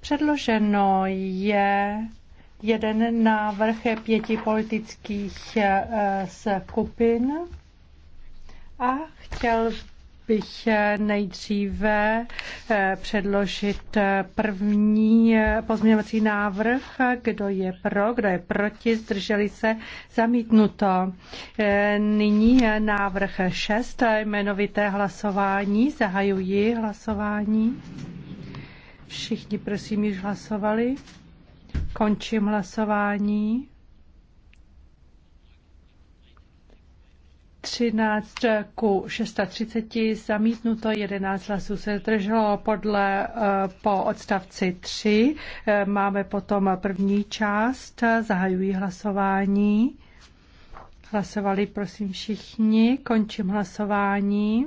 Předloženo je jeden návrh pěti politických eh, skupin a chtěl bych eh, nejdříve eh, předložit první pozměňovací návrh. Kdo je pro, kdo je proti, zdrželi se, zamítnuto. Nyní návrh 6, jmenovité hlasování. Zahajuji hlasování. Všichni prosím již hlasovali. Končím hlasování. 13 ku 630 zamítnuto, 11 hlasů se zdrželo podle eh, po odstavci 3. Eh, máme potom první část, zahajují hlasování. Hlasovali prosím všichni, končím hlasování.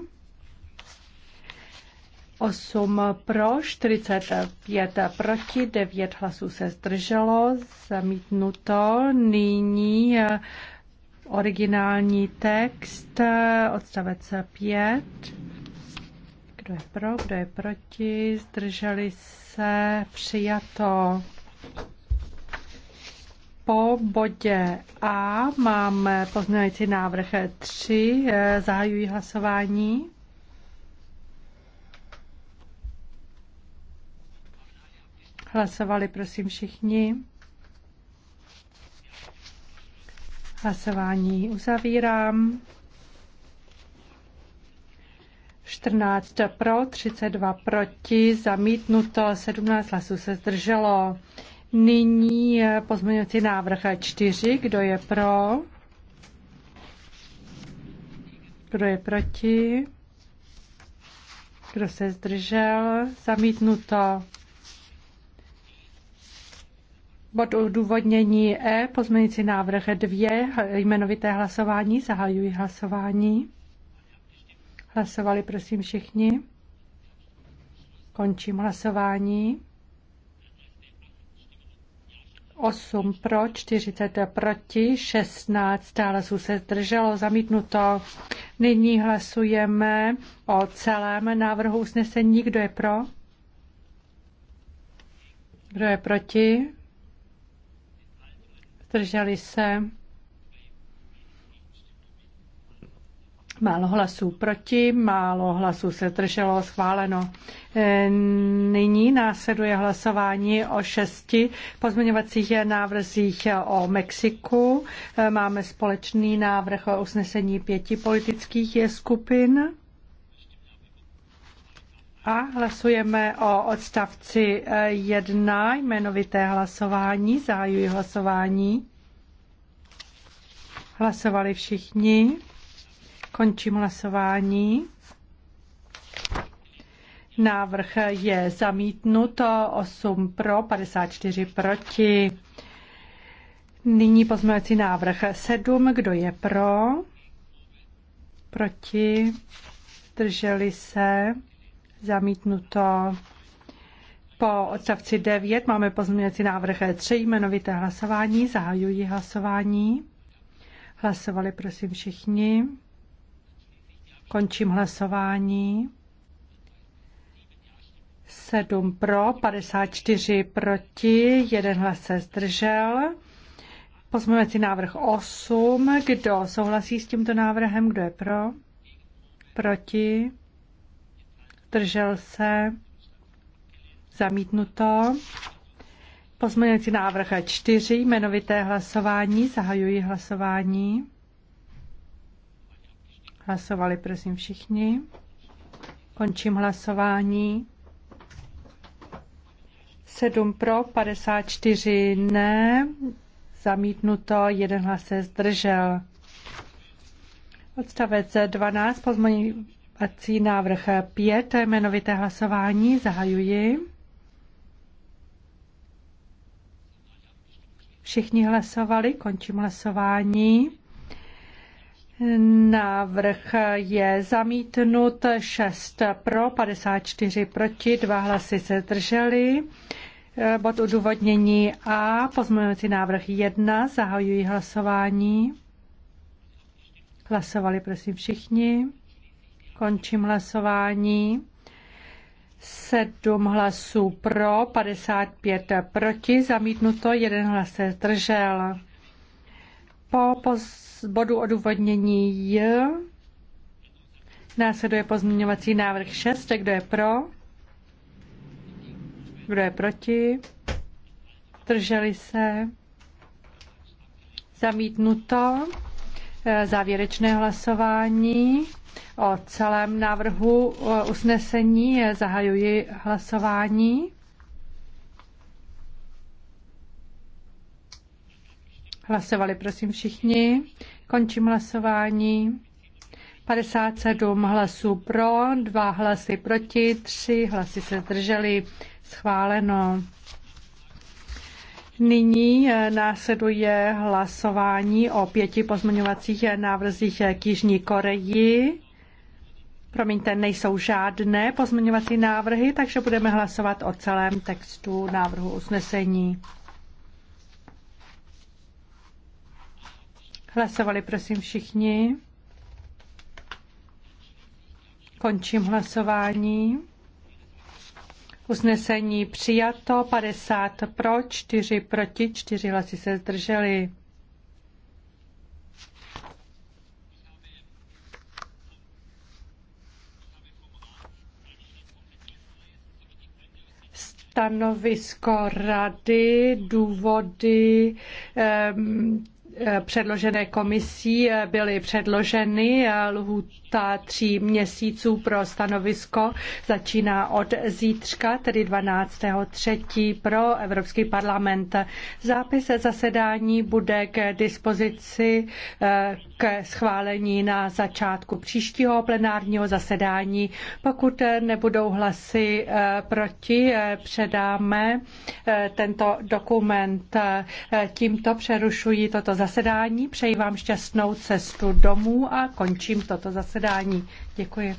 8 pro, 45 proti, 9 hlasů se zdrželo, zamítnuto. Nyní eh, originální text, eh, odstavec 5. Kdo je pro, kdo je proti, zdrželi se, přijato. Po bodě A máme pozměňující návrh 3. Eh, zahajuji hlasování. Hlasovali prosím všichni. Hlasování uzavírám. 14 pro, 32 proti, zamítnuto, 17 hlasů se zdrželo. Nyní pozměňovací návrh 4. Kdo je pro? Kdo je proti? Kdo se zdržel? Zamítnuto. Bod odůvodnění E, pozměňující návrh 2, jmenovité hlasování, zahajuji hlasování. Hlasovali prosím všichni. Končím hlasování. 8 pro, 40 proti, 16 stále se zdrželo, zamítnuto. Nyní hlasujeme o celém návrhu usnesení. Kdo je pro? Kdo je proti? zdrželi se, Málo hlasů proti, málo hlasů se drželo schváleno. E, nyní následuje hlasování o šesti pozměňovacích návrzích o Mexiku. E, máme společný návrh o usnesení pěti politických skupin. A hlasujeme o odstavci 1, eh, jmenovité hlasování, zahajuji hlasování. Hlasovali všichni. Končím hlasování. Návrh je zamítnut 8 pro, 54 proti. Nyní pozměňovací návrh 7. Kdo je pro? Proti? Drželi se? zamítnuto. Po odstavci 9 máme pozměňovací návrh 3, e jmenovité hlasování. Zahajuji hlasování. Hlasovali prosím všichni. Končím hlasování. 7 pro, 54 proti, 1 hlas se zdržel. Pozměňovací návrh 8. Kdo souhlasí s tímto návrhem? Kdo je pro? Proti? zdržel se, zamítnuto. Pozměňující návrh 4, jmenovité hlasování, zahajuji hlasování. Hlasovali prosím všichni. Končím hlasování. 7 pro, 54 ne, zamítnuto, jeden hlas se zdržel. Odstavec 12, pozměňující Pací návrh 5, jmenovité hlasování, zahajuji. Všichni hlasovali, končím hlasování. Návrh je zamítnut 6 pro, 54 proti, dva hlasy se drželi. Bod odůvodnění A, pozměňovací návrh 1, zahajuji hlasování. Hlasovali prosím všichni. Končím hlasování. 7 hlasů pro, 55 proti, zamítnuto, jeden hlas se zdržel. Po bodu odůvodnění J následuje pozměňovací návrh 6. Kdo je pro? Kdo je proti? Drželi se? Zamítnuto. Eh, závěrečné hlasování o celém návrhu eh, usnesení. Zahajuji hlasování. Hlasovali prosím všichni. Končím hlasování. 57 hlasů pro, 2 hlasy proti, 3 hlasy se zdrželi. Schváleno. Nyní eh, následuje hlasování o pěti pozměňovacích eh, návrzích eh, k Jižní Koreji. Promiňte, nejsou žádné pozměňovací návrhy, takže budeme hlasovat o celém textu návrhu usnesení. Hlasovali prosím všichni. Končím hlasování. Usnesení přijato, 50 pro, 4 proti, 4 hlasy se zdrželi. Stanovisko rady, důvody, ehm, Eh, předložené komisí eh, byly předloženy. Eh, lhůta tří měsíců pro stanovisko začíná od zítřka, tedy 12.3. pro Evropský parlament. Zápis zasedání bude k dispozici k schválení na začátku příštího plenárního zasedání. Pokud nebudou hlasy proti, předáme tento dokument. Tímto přerušuji toto zasedání zasedání, přeji vám šťastnou cestu domů a končím toto zasedání. Děkuji.